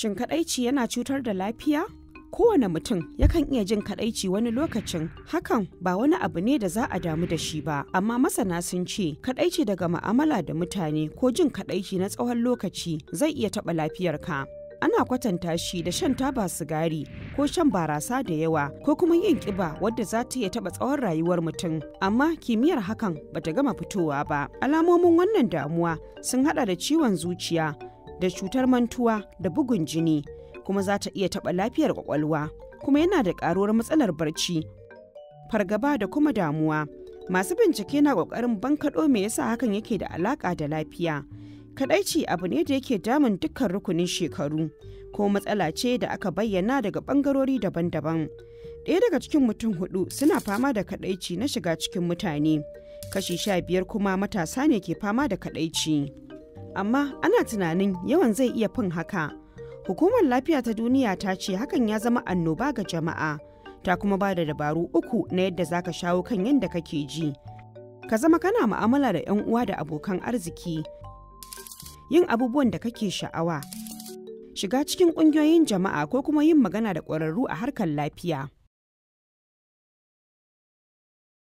Shin kadaici yana cutar da lafiya? Kowane mutum yakan iya jin kadaici wani lokacin, hakan ba wani abu ne da za a damu da shi ba, amma masana sun ce kadaici daga ma'amala da mutane ko jin kadaici na tsawon lokaci zai iya taɓa lafiyarka. Ana kwatanta shi da shan taba sigari ko shan barasa da yawa ko kuma yin ƙiba wadda za ta iya taɓa tsawon rayuwar mutum, amma kimiyyar hakan bata gama fitowa ba. Alamomin wannan damuwa sun haɗa da ciwon zuciya, da cutar mantuwa da bugun jini kuma za ta iya taɓa lafiyar kwakwalwa kuma yana da ƙaruwar matsalar barci fargaba da kuma damuwa masu bincike na ƙoƙarin bankaɗo me yasa hakan yake da alaƙa da lafiya Kaɗaici abu ne da yake damun dukkan rukunin shekaru ko matsala ce da aka bayyana daga ɓangarori daban-daban ɗaya daga cikin mutum hudu suna fama da kaɗaici na shiga cikin mutane kashi sha biyar kuma matasa ne ke fama da kaɗaici. amma ana tunanin yawan zai iya fin haka. Hukumar lafiya ta duniya ta ce hakan ya zama annoba ga jama'a, ta kuma ba da dabaru uku na yadda za ka shawo kan yadda kake ji. Ka zama kana ma'amala da 'yan uwa da abokan arziki, yin abubuwan da kake sha'awa, shiga cikin ƙungiyoyin jama'a ko kuma yin magana da ƙwararru a harkar lafiya.